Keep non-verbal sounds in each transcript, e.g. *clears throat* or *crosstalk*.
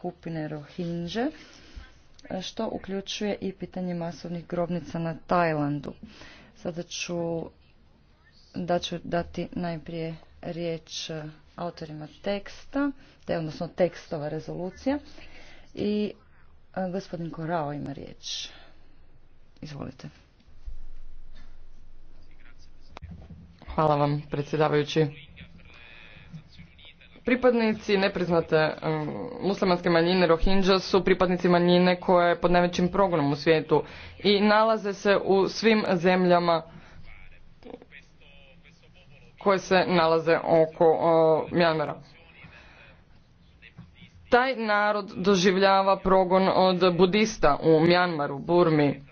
Kupine Rohinže, što uključuje i pitanje masovnih grobnica na Tajlandu. Sada ću, da ću dati najprije riječ autorima teksta, odnosno tekstova rezolucija. I e, gospodin Korao ima riječ. Izvolite. Hvala vam, predsjedavajući. Pripadnici nepriznate muslimanske manjine Rohingya su pripadnici manjine koje je pod najvećim progonom u svijetu i nalaze se u svim zemljama koje se nalaze oko Mjanmara. Taj narod doživljava progon od budista u Mjanmaru, Burmi.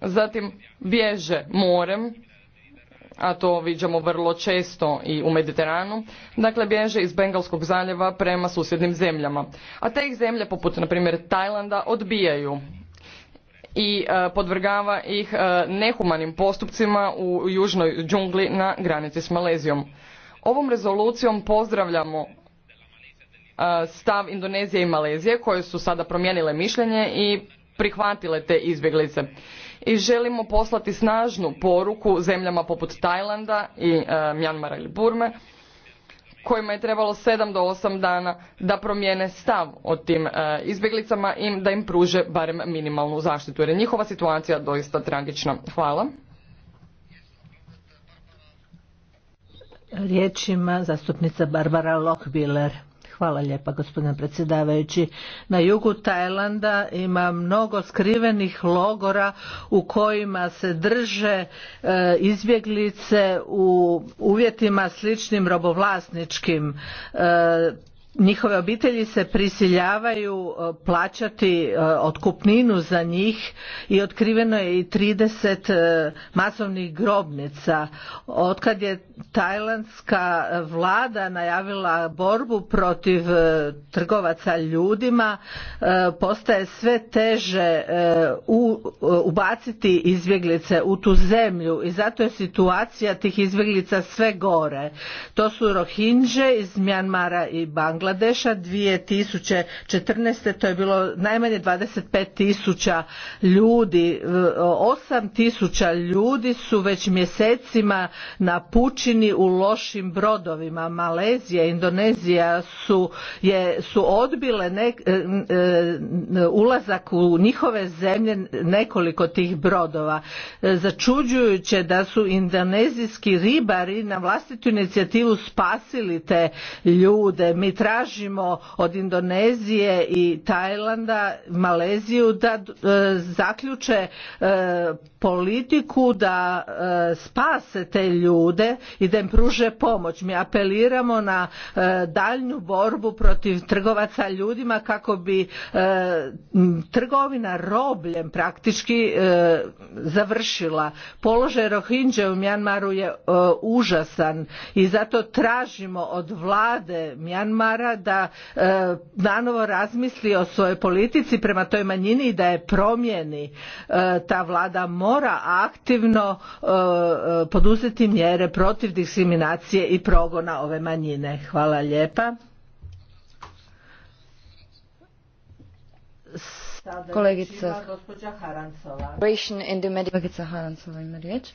Zatim bježe morem a to viđamo vrlo često i u Mediteranu, dakle bježe iz Bengalskog zaljeva prema susjednim zemljama. A te ih zemlje, poput na primjer Tajlanda, odbijaju i e, podvrgava ih e, nehumanim postupcima u južnoj džungli na granici s Malezijom. Ovom rezolucijom pozdravljamo e, stav Indonezije i Malezije koje su sada promijenile mišljenje i prihvatile te izbjeglice i želimo poslati snažnu poruku zemljama poput Tajlanda i e, Mjanmara ili Burme kojima je trebalo sedam do osam dana da promijene stav o tim e, izbjeglicama i da im pruže barem minimalnu zaštitu jer je njihova situacija doista tragična. Hvala. Riječ zastupnica Barbara Hvala lijepa gospodine predsjedavajući. Na jugu Tajlanda ima mnogo skrivenih logora u kojima se drže e, izbjeglice u uvjetima sličnim robovlasničkim e, njihove obitelji se prisiljavaju e, plaćati e, otkupninu za njih i otkriveno je i 30 e, masovnih grobnica. Otkad je tajlandska vlada najavila borbu protiv trgovaca ljudima, postaje sve teže ubaciti izbjeglice u tu zemlju i zato je situacija tih izbjeglica sve gore. To su rohinže iz Mjanmara i Bangladeša Bangladeša 2014. to je bilo najmanje 25 tisuća ljudi. 8 tisuća ljudi su već mjesecima na pučini u lošim brodovima. Malezija, Indonezija su, je, su odbile e, e, ulazak u njihove zemlje nekoliko tih brodova. E, začuđujuće da su indonezijski ribari na vlastitu inicijativu spasili te ljude. Mi tražimo od Indonezije i Tajlanda, Maleziju da e, zaključe e, politiku da e, spase te ljude i da im pruže pomoć. Mi apeliramo na e, daljnju borbu protiv trgovaca ljudima kako bi e, trgovina robljem praktički završila. Položaj Rohinđe u Mjanmaru je užasan i zato tražimo od vlade Mjanmara da nanovo razmisli o svojoj politici prema toj manjini i da je promijeni. Ta vlada mora mora aktivno e, e, poduzeti mjere protiv diskriminacije i progona ove manjine. Hvala lijepa. Kolegica ima riječ.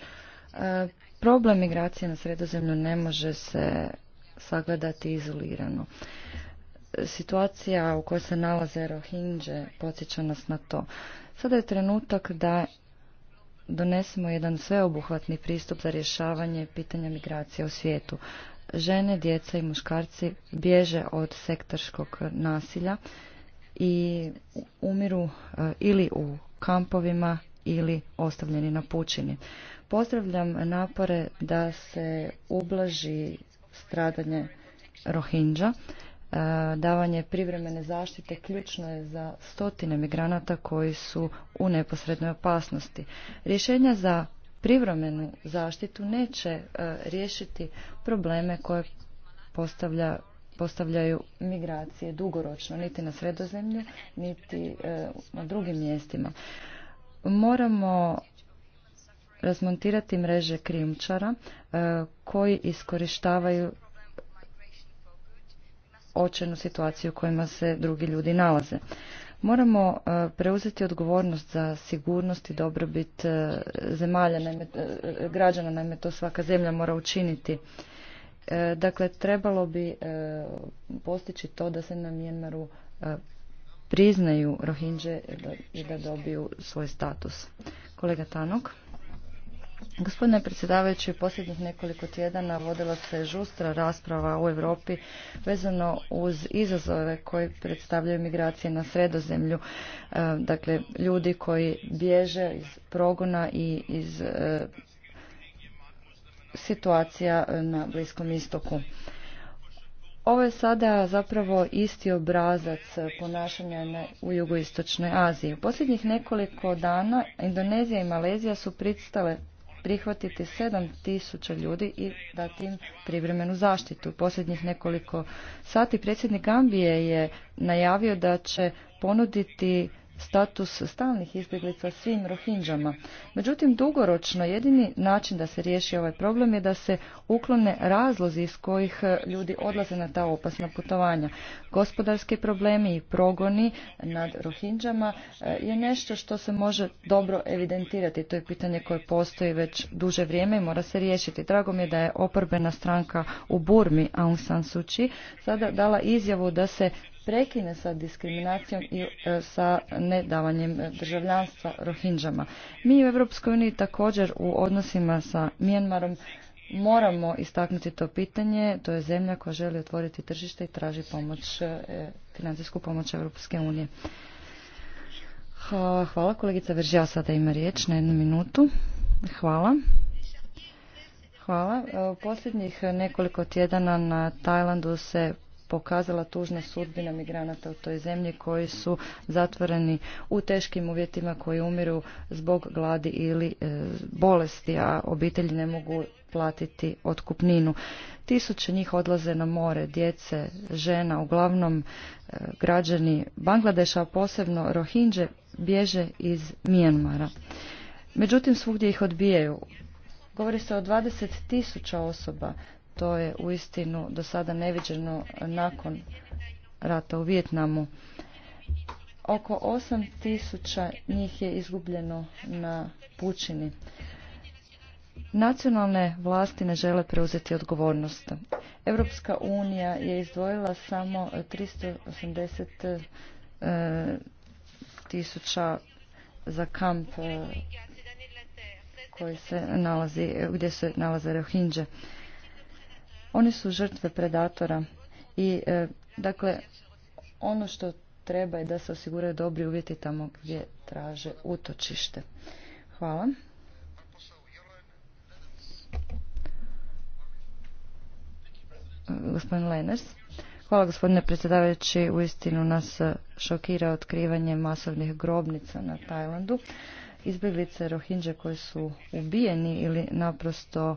E, problem migracije na sredozemlju ne može se sagledati izolirano. Situacija u kojoj se nalaze Rohingje podsjeća nas na to. Sada je trenutak da donesemo jedan sveobuhvatni pristup za rješavanje pitanja migracije u svijetu. Žene, djeca i muškarci bježe od sektorskog nasilja i umiru e, ili u kampovima ili ostavljeni na pučini. Pozdravljam napore da se ublaži stradanje Rohinđa E, davanje privremene zaštite ključno je za stotine migranata koji su u neposrednoj opasnosti. Rješenja za privremenu zaštitu neće e, riješiti probleme koje postavlja postavljaju migracije dugoročno, niti na sredozemlje, niti e, na drugim mjestima. Moramo razmontirati mreže krijumčara koji iskorištavaju očenu situaciju u kojima se drugi ljudi nalaze. Moramo e, preuzeti odgovornost za sigurnost i dobrobit e, zemalja, naime, e, građana, naime to svaka zemlja mora učiniti. Dakle, trebalo bi postići to da se na Mijenmaru priznaju Rohinđe i da dobiju svoj status. Kolega Tanok. Gospodine predsjedavajući, posljednjih nekoliko tjedana vodila se žustra rasprava u Europi vezano uz izazove koje predstavljaju migracije na sredozemlju. E, dakle, ljudi koji bježe iz progona i iz e, situacija na Bliskom istoku. Ovo je sada zapravo isti obrazac ponašanja u jugoistočnoj Aziji. U posljednjih nekoliko dana Indonezija i Malezija su pristale prihvatiti 7000 ljudi i dati im privremenu zaštitu. Posljednjih nekoliko sati predsjednik Gambije je najavio da će ponuditi status stalnih izbjeglica svim rohinđama. Međutim, dugoročno jedini način da se riješi ovaj problem je da se uklone razlozi iz kojih e, ljudi odlaze na ta opasna putovanja. Gospodarski problemi i progoni nad rohinđama e, je nešto što se može dobro evidentirati. To je pitanje koje postoji već duže vrijeme i mora se riješiti. Drago mi je da je oporbena stranka u Burmi Aung San Suu Kyi sada dala izjavu da se prekine sa diskriminacijom i e, sa nedavanjem državljanstva Rohinđama. Mi u Europskoj uniji također u odnosima sa Mijenmarom moramo istaknuti to pitanje. To je zemlja koja želi otvoriti tržište i traži pomoć, e, financijsku pomoć Europske unije. Hvala. Kolegica Veržija sada ima riječ na jednu minutu. Hvala. Hvala. E, u posljednjih nekoliko tjedana na Tajlandu se pokazala tužna sudbina migranata u toj zemlji koji su zatvoreni u teškim uvjetima koji umiru zbog gladi ili e, bolesti, a obitelji ne mogu platiti otkupninu. Tisuće njih odlaze na more, djece, žena, uglavnom e, građani Bangladeša, a posebno Rohinđe, bježe iz Mijenmara. Međutim, svugdje ih odbijaju. Govori se o 20.000 osoba to je uistinu do sada neviđeno nakon rata u Vijetnamu. Oko 8000 njih je izgubljeno na pučini. Nacionalne vlasti ne žele preuzeti odgovornost. Europska unija je izdvojila samo 380 e, tisuća za kamp e, koji se nalazi, gdje se nalaze Rohingje. Oni su žrtve predatora i e, dakle ono što treba je da se osiguraju dobri uvjeti tamo gdje traže utočište. Hvala. Gospodin Lenners. Hvala gospodine predsjedavajući. Uistinu nas šokira otkrivanje masovnih grobnica na Tajlandu. Izbjeglice Rohinđe koji su ubijeni ili naprosto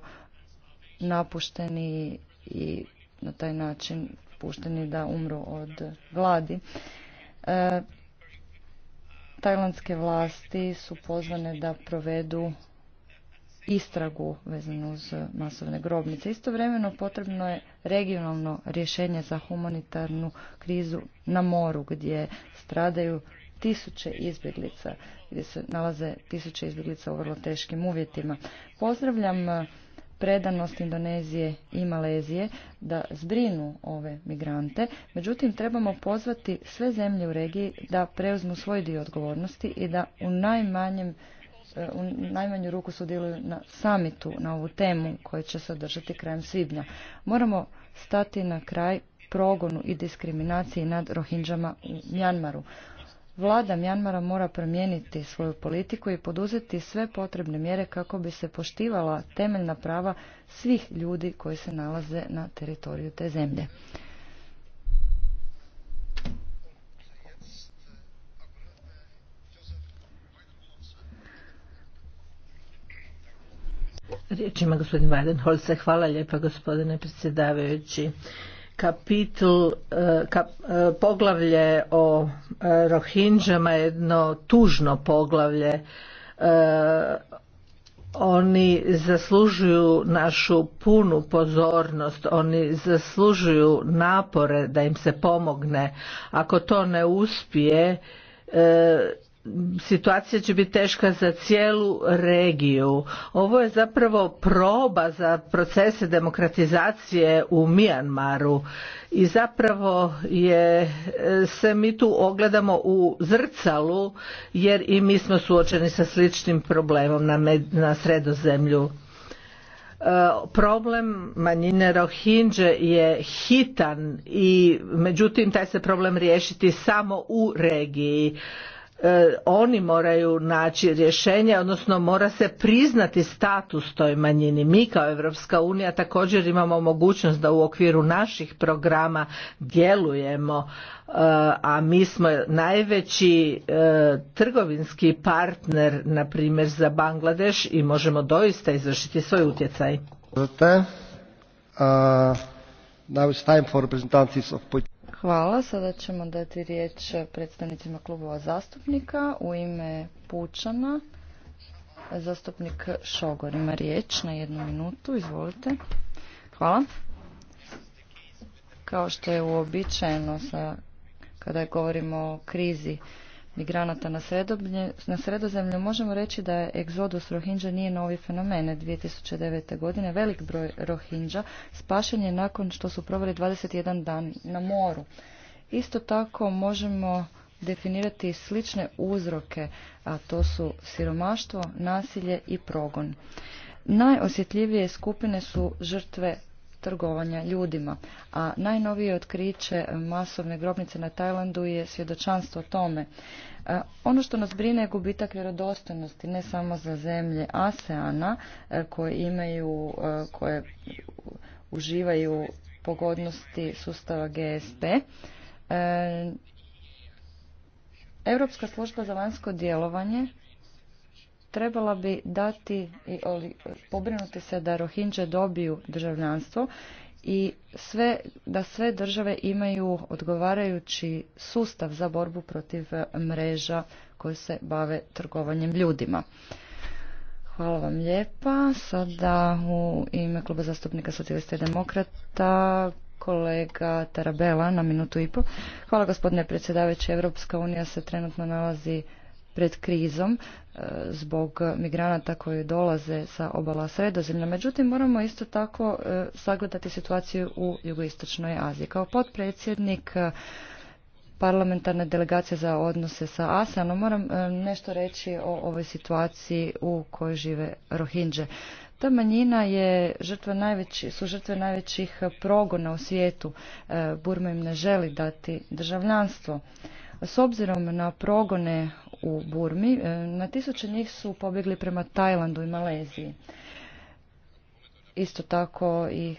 napušteni i na taj način pušteni da umru od gladi. E, tajlandske vlasti su pozvane da provedu istragu vezanu uz masovne grobnice. Istovremeno potrebno je regionalno rješenje za humanitarnu krizu na moru gdje stradaju tisuće izbjeglica, gdje se nalaze tisuće izbjeglica u vrlo teškim uvjetima. Pozdravljam predanost Indonezije i Malezije da zbrinu ove migrante, međutim trebamo pozvati sve zemlje u regiji da preuzmu svoj dio odgovornosti i da u najmanjem e, u najmanju ruku sudjeluju na samitu na ovu temu koja će se održati krajem svibnja. Moramo stati na kraj progonu i diskriminaciji nad Rohinđama u Mjanmaru. Vlada Mjanmara mora promijeniti svoju politiku i poduzeti sve potrebne mjere kako bi se poštivala temeljna prava svih ljudi koji se nalaze na teritoriju te zemlje. Riječ Hvala lijepa gospodine predsjedavajući kapitul, e, e, poglavlje o e, Rohinđama je jedno tužno poglavlje. Oni zaslužuju našu punu pozornost, oni zaslužuju napore da im se pomogne. Ako to ne uspije, situacija će biti teška za cijelu regiju. Ovo je zapravo proba za procese demokratizacije u Mijanmaru i zapravo je, e, se mi tu ogledamo u zrcalu jer i mi smo suočeni sa sličnim problemom na, na sredozemlju. E, problem manjine Rohinđe je hitan i međutim taj se problem riješiti samo u regiji E, oni moraju naći rješenje, odnosno mora se priznati status toj manjini. Mi kao Europska unija također imamo mogućnost da u okviru naših programa djelujemo, e, a mi smo najveći e, trgovinski partner, na primjer, za Bangladeš i možemo doista izvršiti svoj utjecaj. Now it's time for Hvala. Sada ćemo dati riječ predstavnicima klubova zastupnika. U ime Pučana, zastupnik Šogor ima riječ na jednu minutu. Izvolite. Hvala. Kao što je uobičajeno sa, kada govorimo o krizi migranata na, na sredozemlju, možemo reći da je egzodus rohinđa nije novi fenomen. 2009. godine velik broj rohinđa spašen je nakon što su proveli 21 dan na moru. Isto tako možemo definirati slične uzroke, a to su siromaštvo, nasilje i progon. Najosjetljivije skupine su žrtve trgovanja ljudima. A najnovije otkriće masovne grobnice na Tajlandu je svjedočanstvo tome. E, ono što nas brine je gubitak vjerodostojnosti ne samo za zemlje ASEANA e, koje imaju, e, koje uživaju pogodnosti sustava GSP. Europska služba za vanjsko djelovanje trebala bi dati i pobrinuti se da Rohinđe dobiju državljanstvo i sve, da sve države imaju odgovarajući sustav za borbu protiv e, mreža koje se bave trgovanjem ljudima. Hvala vam lijepa. Sada u ime Kluba zastupnika socijalista i demokrata kolega Tarabela na minutu i pol. Hvala gospodine predsjedavajući. Europska unija se trenutno nalazi pred krizom e, zbog migranata koji dolaze sa obala sredozemlja. Međutim, moramo isto tako e, sagledati situaciju u jugoistočnoj Aziji. Kao potpredsjednik e, parlamentarne delegacije za odnose sa ASEANom moram nešto reći o ovoj situaciji u kojoj žive Rohinđe. Ta manjina je žrtva najveći, su žrtve najvećih progona u svijetu. Burma im ne želi dati državljanstvo. S obzirom na progone u Burmi, e, na tisuće njih su pobjegli prema Tajlandu i Maleziji. Isto tako i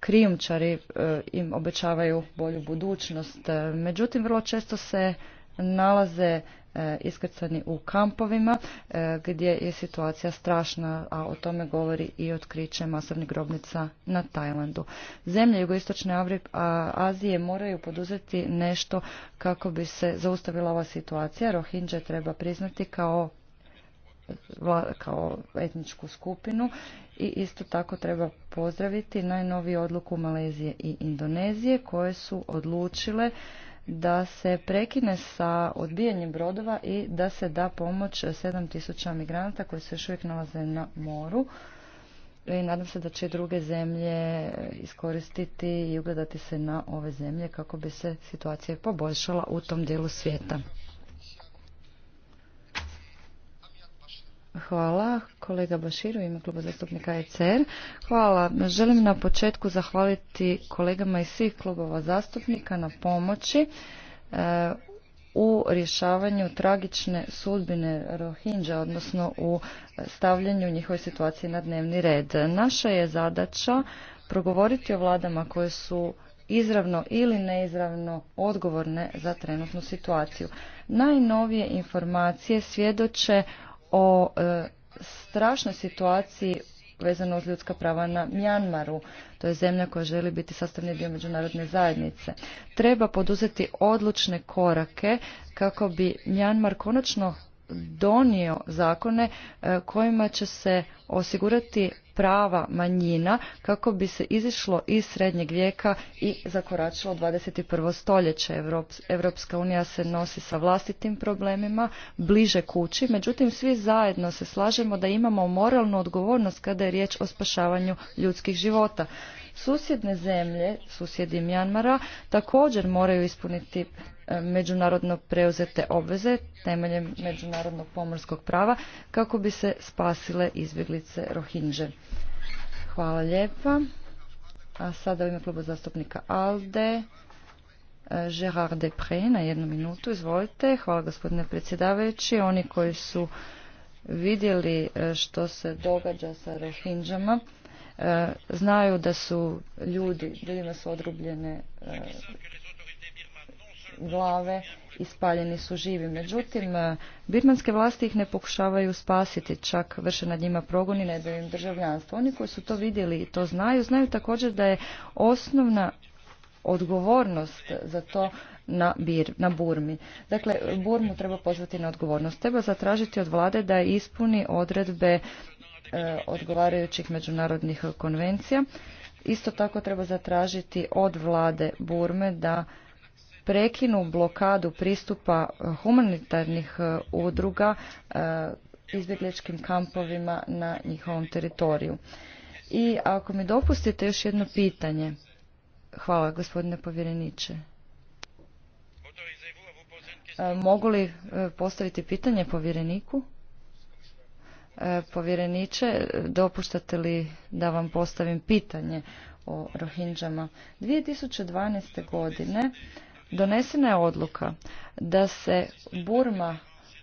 krijumčari e, im obećavaju bolju budućnost. E, međutim, vrlo često se nalaze E, iskrcani u kampovima e, gdje je situacija strašna, a o tome govori i otkriće masovnih grobnica na Tajlandu. Zemlje jugoistočne Azije moraju poduzeti nešto kako bi se zaustavila ova situacija. Rohingya treba priznati kao kao etničku skupinu i isto tako treba pozdraviti najnoviju odluku Malezije i Indonezije koje su odlučile da se prekine sa odbijanjem brodova i da se da pomoć 7000 migranata koji se još uvijek nalaze na moru. I nadam se da će druge zemlje iskoristiti i ugledati se na ove zemlje kako bi se situacija poboljšala u tom dijelu svijeta. Hvala. Kolega Baširu, ime kluba zastupnika ECR. Hvala. Želim na početku zahvaliti kolegama iz svih klubova zastupnika na pomoći e, u rješavanju tragične sudbine Rohingja, odnosno u stavljanju njihove situacije na dnevni red. Naša je zadaća progovoriti o vladama koje su izravno ili neizravno odgovorne za trenutnu situaciju. Najnovije informacije svjedoče o e, strašnoj situaciji vezano uz ljudska prava na Mjanmaru. To je zemlja koja želi biti sastavni dio međunarodne zajednice. Treba poduzeti odlučne korake kako bi Mjanmar konačno donio zakone e, kojima će se osigurati prava manjina kako bi se izišlo iz srednjeg vijeka i zakoračilo 21. stoljeće. Evropska unija se nosi sa vlastitim problemima, bliže kući, međutim svi zajedno se slažemo da imamo moralnu odgovornost kada je riječ o spašavanju ljudskih života. Susjedne zemlje, susjedi Mjanmara, također moraju ispuniti E, međunarodno preuzete obveze temeljem međunarodnog pomorskog prava kako bi se spasile izbjeglice Rohinže. Hvala lijepa. A sada u ime kluba zastupnika ALDE, e, Gérard Depré na jednu minutu. Izvolite. Hvala gospodine predsjedavajući. Oni koji su vidjeli e, što se događa sa Rohinđama, znaju da su ljudi, ljudima su odrubljene glave ispaljeni su živi. Međutim, e, birmanske vlasti ih ne pokušavaju spasiti, čak vrše nad njima progon i ne im državljanstvo. Oni koji su to vidjeli i to znaju, znaju također da je osnovna odgovornost za to na, Bir, na Burmi. Dakle, Burmu treba pozvati na odgovornost. Treba zatražiti od vlade da ispuni odredbe e, odgovarajućih međunarodnih konvencija. Isto tako treba zatražiti od vlade Burme da prekinu blokadu pristupa eh, humanitarnih eh, udruga eh, izbjegličkim kampovima na njihovom teritoriju. I ako mi dopustite još jedno pitanje. Hvala gospodine povjereniče. Mogu li postaviti pitanje povjereniku? Povjereniče, dopuštate li da vam postavim pitanje o Rohinđama? 2012. godine Donesena je odluka da se Burma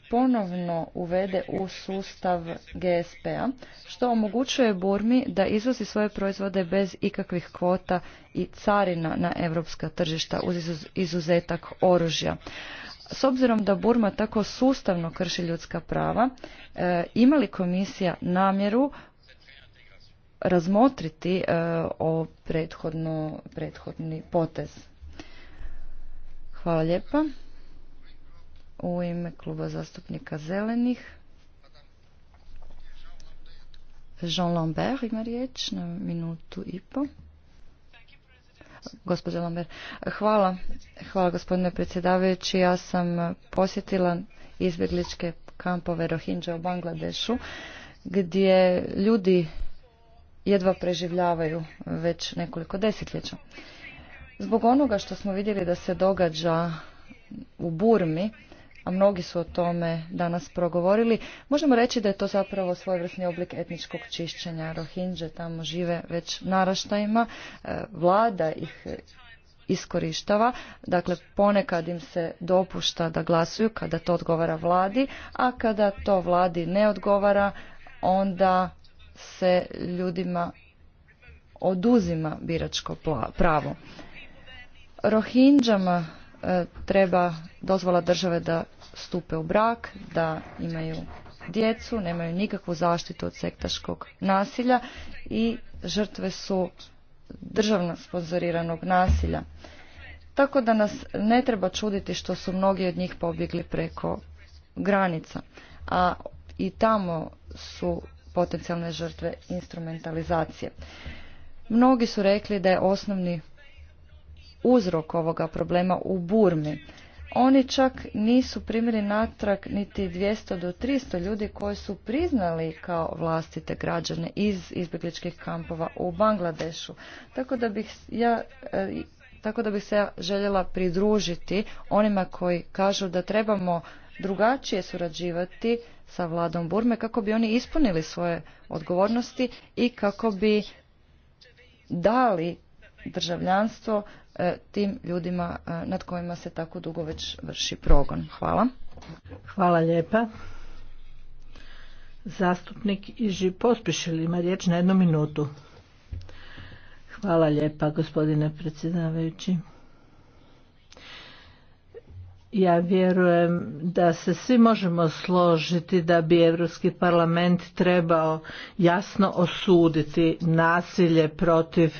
ponovno uvede u sustav GSP-a, što omogućuje Burmi da izvozi svoje proizvode bez ikakvih kvota i carina na evropska tržišta uz izuzetak oružja. S obzirom da Burma tako sustavno krši ljudska prava, e, ima li komisija namjeru razmotriti e, o prethodni potez? Hvala lijepa. U ime kluba zastupnika Zelenih. Jean Lambert ima riječ na minutu i po. Lambert, hvala. Hvala gospodine predsjedavajući. Ja sam posjetila izbjegličke kampove Rohingya u Bangladešu gdje ljudi jedva preživljavaju već nekoliko desetljeća. Zbog onoga što smo vidjeli da se događa u Burmi, a mnogi su o tome danas progovorili, možemo reći da je to zapravo svojevrsni oblik etničkog čišćenja. Rohinđe tamo žive već naraštajima, e, vlada ih iskorištava, dakle ponekad im se dopušta da glasuju kada to odgovara vladi, a kada to vladi ne odgovara, onda se ljudima oduzima biračko pravo. Rohinđama e, treba dozvola države da stupe u brak, da imaju djecu, nemaju nikakvu zaštitu od sektaškog nasilja i žrtve su državno sponzoriranog nasilja. Tako da nas ne treba čuditi što su mnogi od njih pobjegli preko granica, a i tamo su potencijalne žrtve instrumentalizacije. Mnogi su rekli da je osnovni uzrok ovoga problema u Burmi. Oni čak nisu primili natrag niti 200 do 300 ljudi koji su priznali kao vlastite građane iz izbjegličkih kampova u Bangladešu. Tako da bih ja e, tako da bih se ja željela pridružiti onima koji kažu da trebamo drugačije surađivati sa vladom Burme kako bi oni ispunili svoje odgovornosti i kako bi dali državljanstvo e, tim ljudima e, nad kojima se tako dugo već vrši progon. Hvala. Hvala lijepa. Zastupnik Iži pospješili ima riječ na jednu minutu. Hvala lijepa gospodine predsjedavajući. Ja vjerujem da se svi možemo složiti da bi Europski parlament trebao jasno osuditi nasilje protiv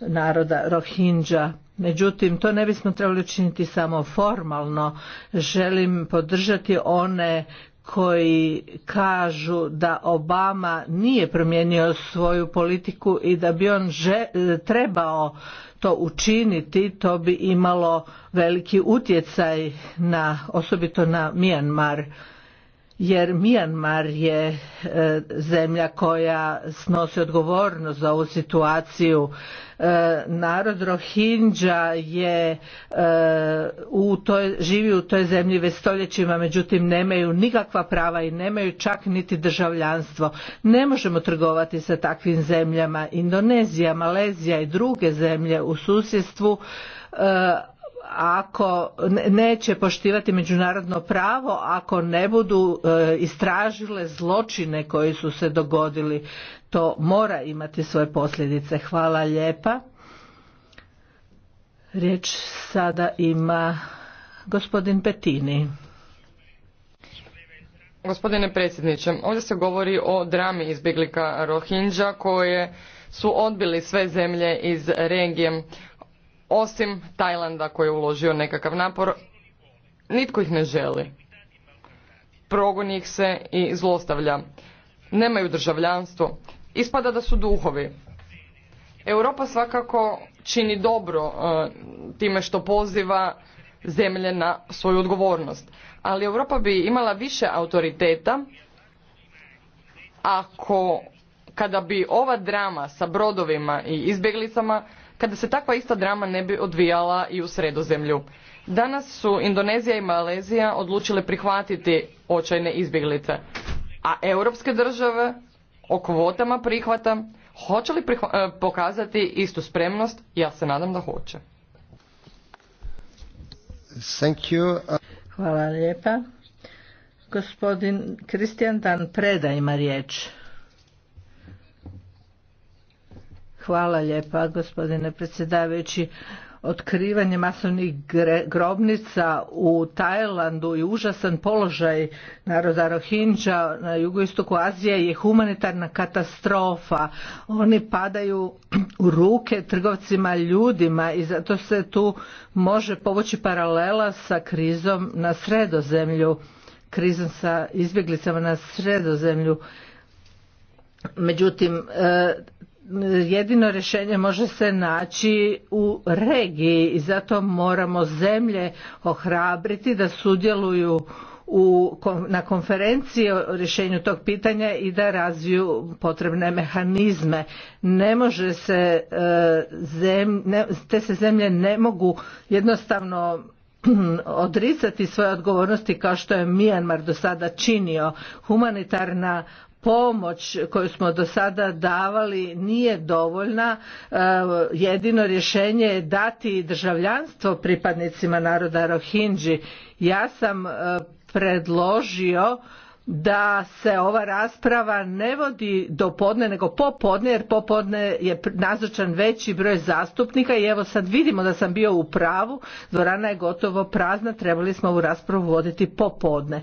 naroda Rohingya. Međutim, to ne bismo trebali učiniti samo formalno. Želim podržati one koji kažu da Obama nije promijenio svoju politiku i da bi on trebao to učiniti, to bi imalo veliki utjecaj na osobito na Mijanmar jer Mijanmar je e, zemlja koja snosi odgovornost za ovu situaciju. E, narod Rohingya je e, u toj, živi u toj zemlji već stoljećima, međutim nemaju nikakva prava i nemaju čak niti državljanstvo. Ne možemo trgovati sa takvim zemljama. Indonezija, Malezija i druge zemlje u susjedstvu ako neće poštivati međunarodno pravo ako ne budu e, istražile zločine koji su se dogodili to mora imati svoje posljedice hvala lijepa riječ sada ima gospodin Petini Gospodine predsjedniče, ovdje se govori o drami izbjeglika Rohingja koje su odbili sve zemlje iz regije osim Tajlanda koji je uložio nekakav napor, nitko ih ne želi. Progoni ih se i zlostavlja. Nemaju državljanstvo. Ispada da su duhovi. Europa svakako čini dobro e, time što poziva zemlje na svoju odgovornost. Ali Europa bi imala više autoriteta ako kada bi ova drama sa brodovima i izbjeglicama kada se takva ista drama ne bi odvijala i u sredozemlju. Danas su Indonezija i Malezija odlučile prihvatiti očajne izbjeglice, a europske države o kvotama prihvata hoće li e, pokazati istu spremnost? Ja se nadam da hoće. Thank you. Hvala lijepa. Gospodin Kristijan Dan Preda ima riječ. Hvala lijepa gospodine predsjedavajući. Otkrivanje masovnih grobnica u Tajlandu i užasan položaj naroda Rohingya na jugoistoku Azije je humanitarna katastrofa. Oni padaju u ruke trgovcima ljudima i zato se tu može povući paralela sa krizom na sredozemlju, krizom sa izbjeglicama na sredozemlju. Međutim, e, jedino rješenje može se naći u regiji i zato moramo zemlje ohrabriti da sudjeluju u, na konferenciji o rješenju tog pitanja i da razviju potrebne mehanizme. Ne može se, e, te se zemlje ne mogu jednostavno *clears throat* odricati svoje odgovornosti kao što je Mijanmar do sada činio. Humanitarna pomoć koju smo do sada davali nije dovoljna e, jedino rješenje je dati državljanstvo pripadnicima naroda Rohinđi. ja sam e, predložio da se ova rasprava ne vodi do podne nego popodne jer popodne je nazočan veći broj zastupnika i evo sad vidimo da sam bio u pravu dvorana je gotovo prazna trebali smo ovu raspravu voditi popodne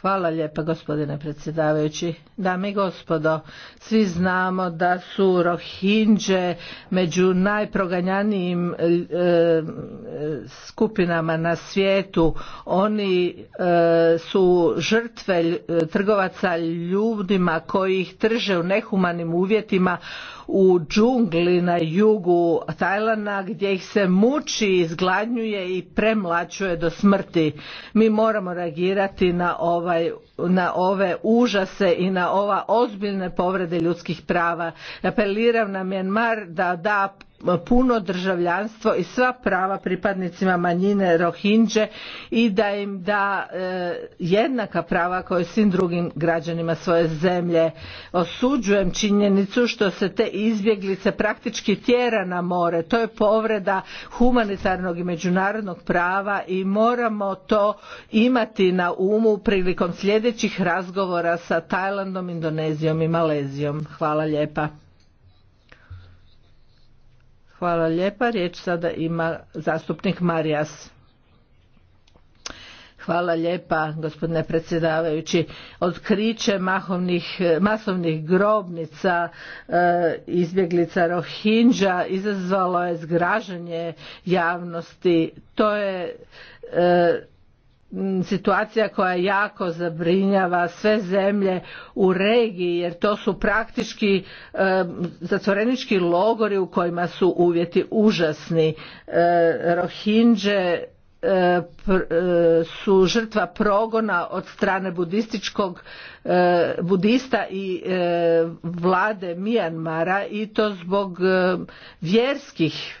Hvala lijepa gospodine predsjedavajući. Dame i gospodo, svi znamo da su Rohinđe među najproganjanijim e, skupinama na svijetu. Oni e, su žrtve e, trgovaca ljudima koji ih trže u nehumanim uvjetima u džungli na jugu Tajlana gdje ih se muči, izgladnjuje i premlačuje do smrti. Mi moramo reagirati na ovo Ovaj, na ove užase i na ova ozbiljne povrede ljudskih prava. Apeliram na Mjanmar da da puno državljanstvo i sva prava pripadnicima manjine Rohinđe i da im da e, jednaka prava kao i svim drugim građanima svoje zemlje. Osuđujem činjenicu što se te izbjeglice praktički tjera na more. To je povreda humanitarnog i međunarodnog prava i moramo to imati na umu prilikom sljedećih razgovora sa Tajlandom, Indonezijom i Malezijom. Hvala lijepa. Hvala lijepa. Riječ sada ima zastupnik Marijas. Hvala lijepa gospodine predsjedavajući. Otkriće mahovnih, masovnih grobnica eh, izbjeglica Rohinđa izazvalo je zgražanje javnosti. To je eh, situacija koja jako zabrinjava sve zemlje u regiji jer to su praktički e, zatvorenički logori u kojima su uvjeti užasni. E, Rohinđe e, e, su žrtva progona od strane budističkog budista i vlade Mijanmara i to zbog vjerskih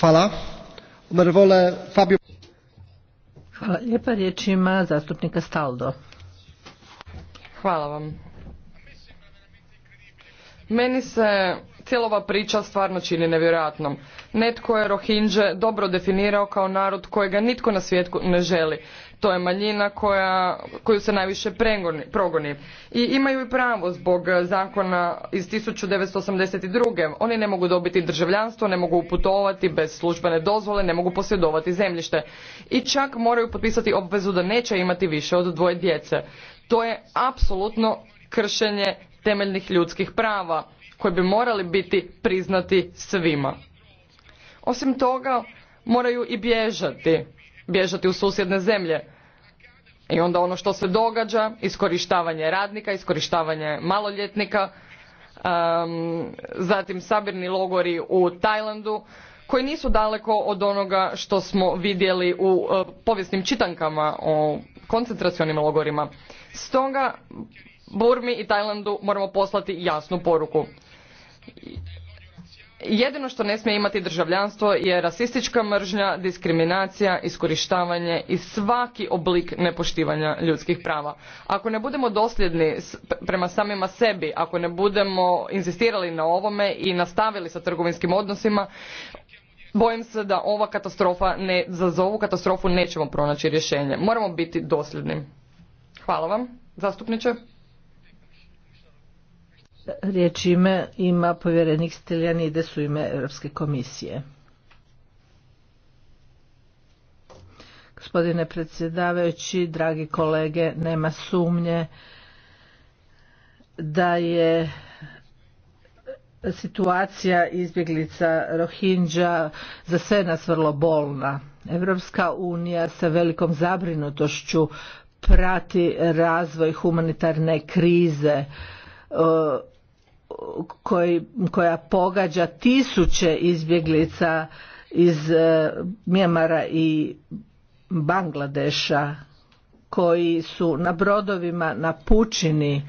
Hvala. lijepa. zastupnika Staldo. Hvala vam. Meni se cijela priča stvarno čini nevjerojatnom. Netko je Rohinđe dobro definirao kao narod kojega nitko na svijetu ne želi. To je manjina koja, koju se najviše progoni. I imaju i pravo zbog zakona iz 1982. Oni ne mogu dobiti državljanstvo, ne mogu putovati bez službene dozvole, ne mogu posjedovati zemljište. I čak moraju potpisati obvezu da neće imati više od dvoje djece. To je apsolutno kršenje temeljnih ljudskih prava koji bi morali biti priznati svima. Osim toga, moraju i bježati bježati u susjedne zemlje. I onda ono što se događa, iskorištavanje radnika, iskorištavanje maloljetnika, um, zatim sabirni logori u Tajlandu, koji nisu daleko od onoga što smo vidjeli u e, povijesnim čitankama o koncentracionim logorima. Stoga Burmi i Tajlandu moramo poslati jasnu poruku jedino što ne smije imati državljanstvo je rasistička mržnja diskriminacija iskorištavanje i svaki oblik nepoštivanja ljudskih prava ako ne budemo dosljedni prema samima sebi ako ne budemo inzistirali na ovome i nastavili sa trgovinskim odnosima bojim se da ova katastrofa ne, za ovu katastrofu nećemo pronaći rješenje moramo biti dosljedni hvala vam zastupniče Riječ ime ima povjerenik Stiljanides u ime Europske komisije. Gospodine predsjedavajući, dragi kolege, nema sumnje da je situacija izbjeglica Rohingya za sve nas vrlo bolna. Evropska unija sa velikom zabrinutošću prati razvoj humanitarne krize koji, koja pogađa tisuće izbjeglica iz e, Mjemara i Bangladeša koji su na brodovima na pučini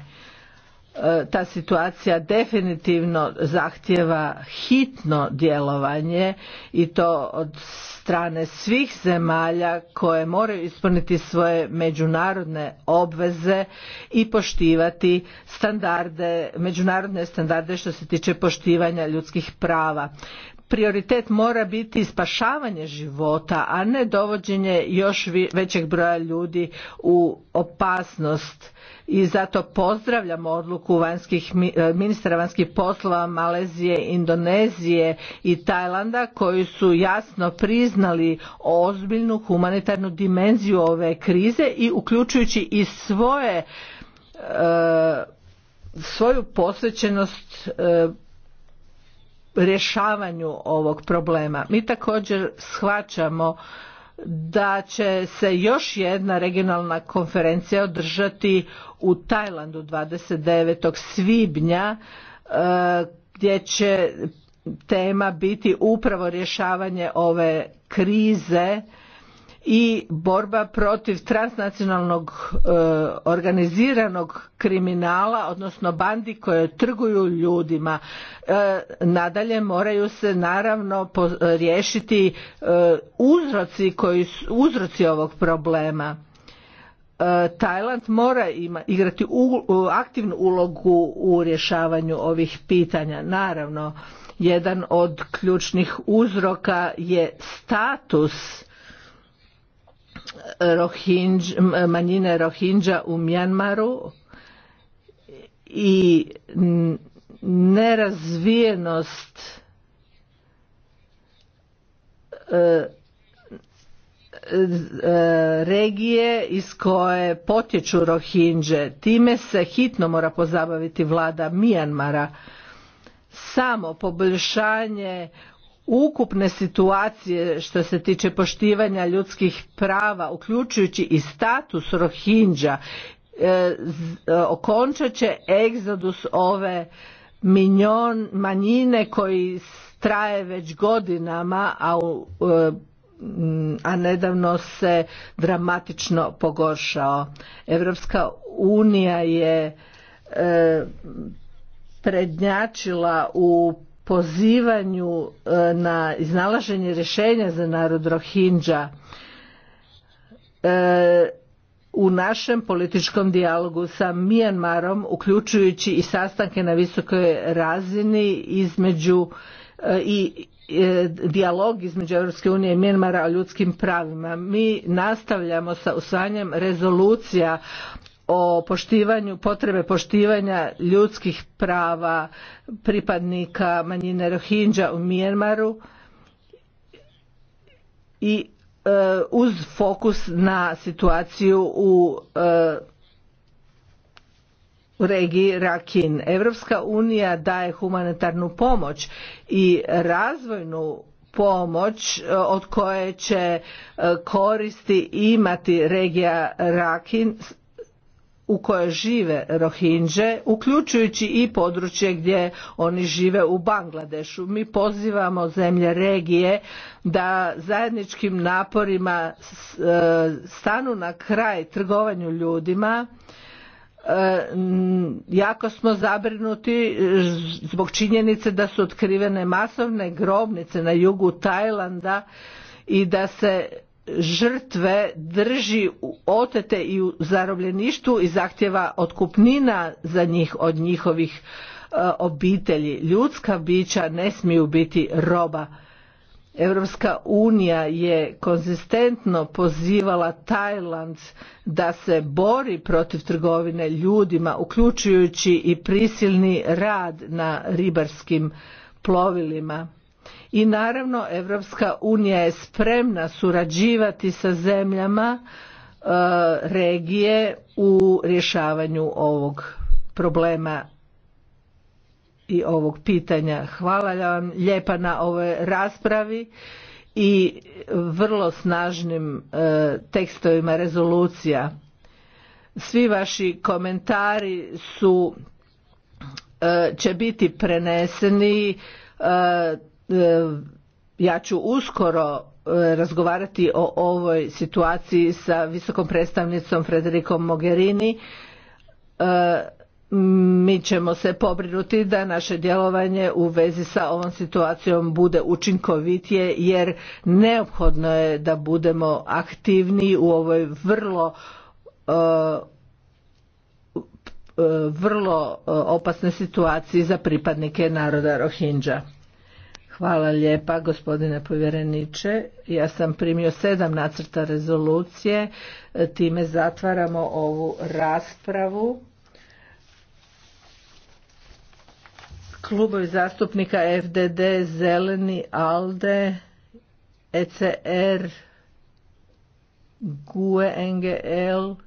e, ta situacija definitivno zahtjeva hitno djelovanje i to od strane svih zemalja koje moraju ispuniti svoje međunarodne obveze i poštivati standarde, međunarodne standarde što se tiče poštivanja ljudskih prava. Prioritet mora biti spašavanje života, a ne dovođenje još većeg broja ljudi u opasnost i zato pozdravljam odluku vanjskih, e, ministra vanjskih poslova Malezije, Indonezije i Tajlanda koji su jasno priznali prepoznali ozbiljnu humanitarnu dimenziju ove krize i uključujući i svoje e, svoju posvećenost e, rješavanju ovog problema. Mi također shvaćamo da će se još jedna regionalna konferencija održati u Tajlandu 29. svibnja e, gdje će tema biti upravo rješavanje ove krize i borba protiv transnacionalnog e, organiziranog kriminala odnosno bandi koje trguju ljudima e, nadalje moraju se naravno po, riješiti e, uzroci koji uzroci ovog problema E, Tajland mora igrati aktivnu ulogu u rješavanju ovih pitanja. Naravno, jedan od ključnih uzroka je status manjine rohinja u Mjanmaru i nerazvijenost e, E, regije iz koje potječu Rohinđe. Time se hitno mora pozabaviti vlada Mijanmara. Samo poboljšanje ukupne situacije što se tiče poštivanja ljudskih prava, uključujući i status Rohinđa, e, e, okončat će egzodus ove minjon, manjine koji traje već godinama, a u a nedavno se dramatično pogoršao. Europska unija je e, prednjačila u pozivanju e, na iznalaženje rješenja za narod e, u našem političkom dijalogu sa Mijanmarom, uključujući i sastanke na visokoj razini između i e, dijalog između Europske unije i Mjenmara o ljudskim pravima. Mi nastavljamo sa usvajanjem rezolucija o poštivanju potrebe poštivanja ljudskih prava pripadnika manjine Rohinja u Mjanmaru i e, uz fokus na situaciju u e, u regiji Rakin. Evropska unija daje humanitarnu pomoć i razvojnu pomoć e, od koje će e, koristi imati regija Rakin u kojoj žive Rohinđe, uključujući i područje gdje oni žive u Bangladešu. Mi pozivamo zemlje regije da zajedničkim naporima e, stanu na kraj trgovanju ljudima E, jako smo zabrinuti e, zbog činjenice da su otkrivene masovne grobnice na jugu Tajlanda i da se žrtve drži otete i u zarobljeništvu i zahtjeva otkupnina za njih od njihovih e, obitelji. Ljudska bića ne smiju biti roba Europska unija je konzistentno pozivala Tajland da se bori protiv trgovine ljudima, uključujući i prisilni rad na ribarskim plovilima. I naravno Europska unija je spremna surađivati sa zemljama e, regije u rješavanju ovog problema i ovog pitanja. Hvala vam lijepa na ovoj raspravi i vrlo snažnim e, tekstovima rezolucija. Svi vaši komentari su e, će biti preneseni e, ja ću uskoro razgovarati o ovoj situaciji sa visokom predstavnicom Frederikom Mogherini mi ćemo se pobrinuti da naše djelovanje u vezi sa ovom situacijom bude učinkovitije jer neophodno je da budemo aktivniji u ovoj vrlo e, vrlo e, opasnoj situaciji za pripadnike naroda Rohingja. Hvala lijepa gospodine povjereniče. Ja sam primio sedam nacrta rezolucije. Time zatvaramo ovu raspravu. klubovi zastupnika FDD, Zeleni, ALDE, ECR, GUE, NGL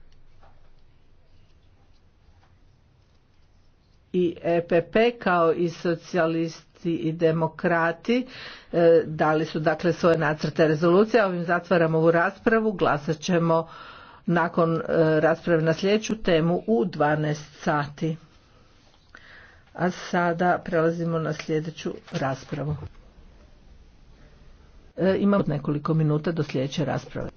i EPP kao i socijalisti i demokrati e, dali su dakle svoje nacrte rezolucije. Ovim zatvaramo ovu raspravu, glasat ćemo nakon e, rasprave na sljedeću temu u 12 sati. A sada prelazimo na sljedeću raspravu. E, imamo nekoliko minuta do sljedeće rasprave.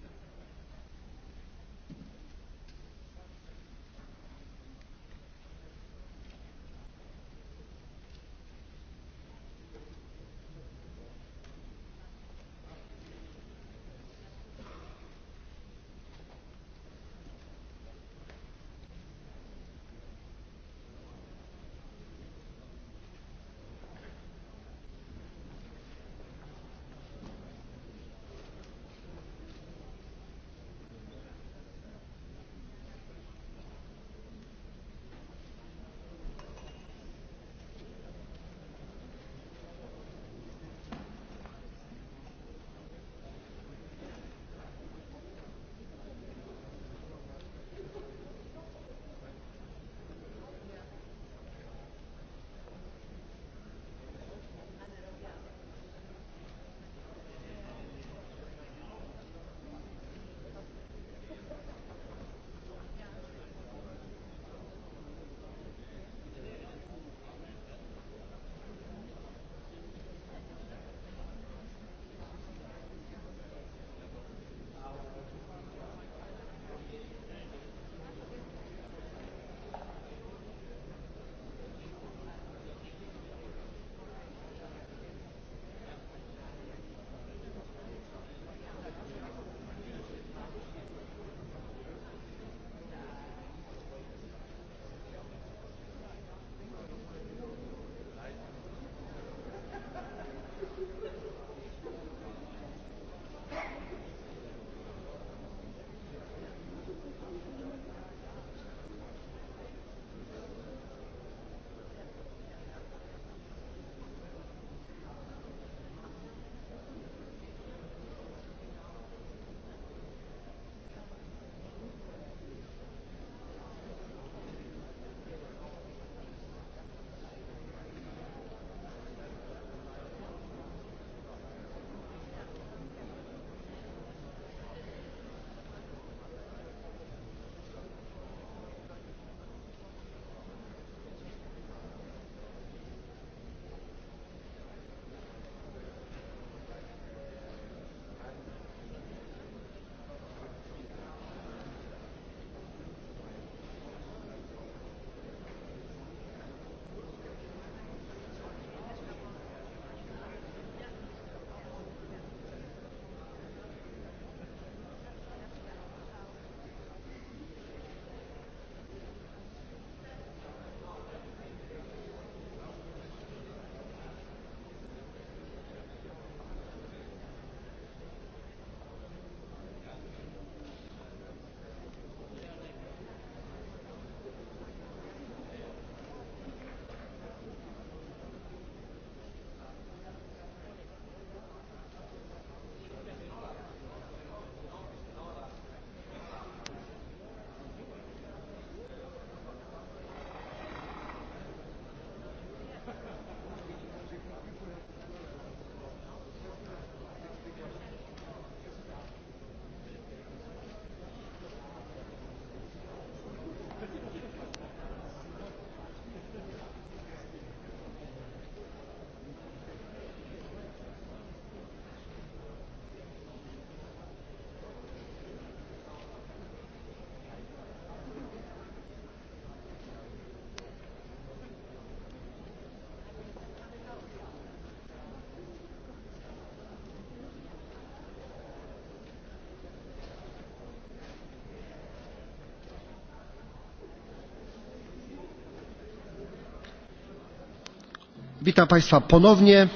witam państwa ponownie.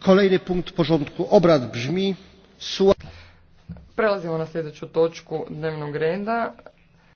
kolejny punkt porządku obrad brzmi prelazimo na sljedeću točku dnevnog reda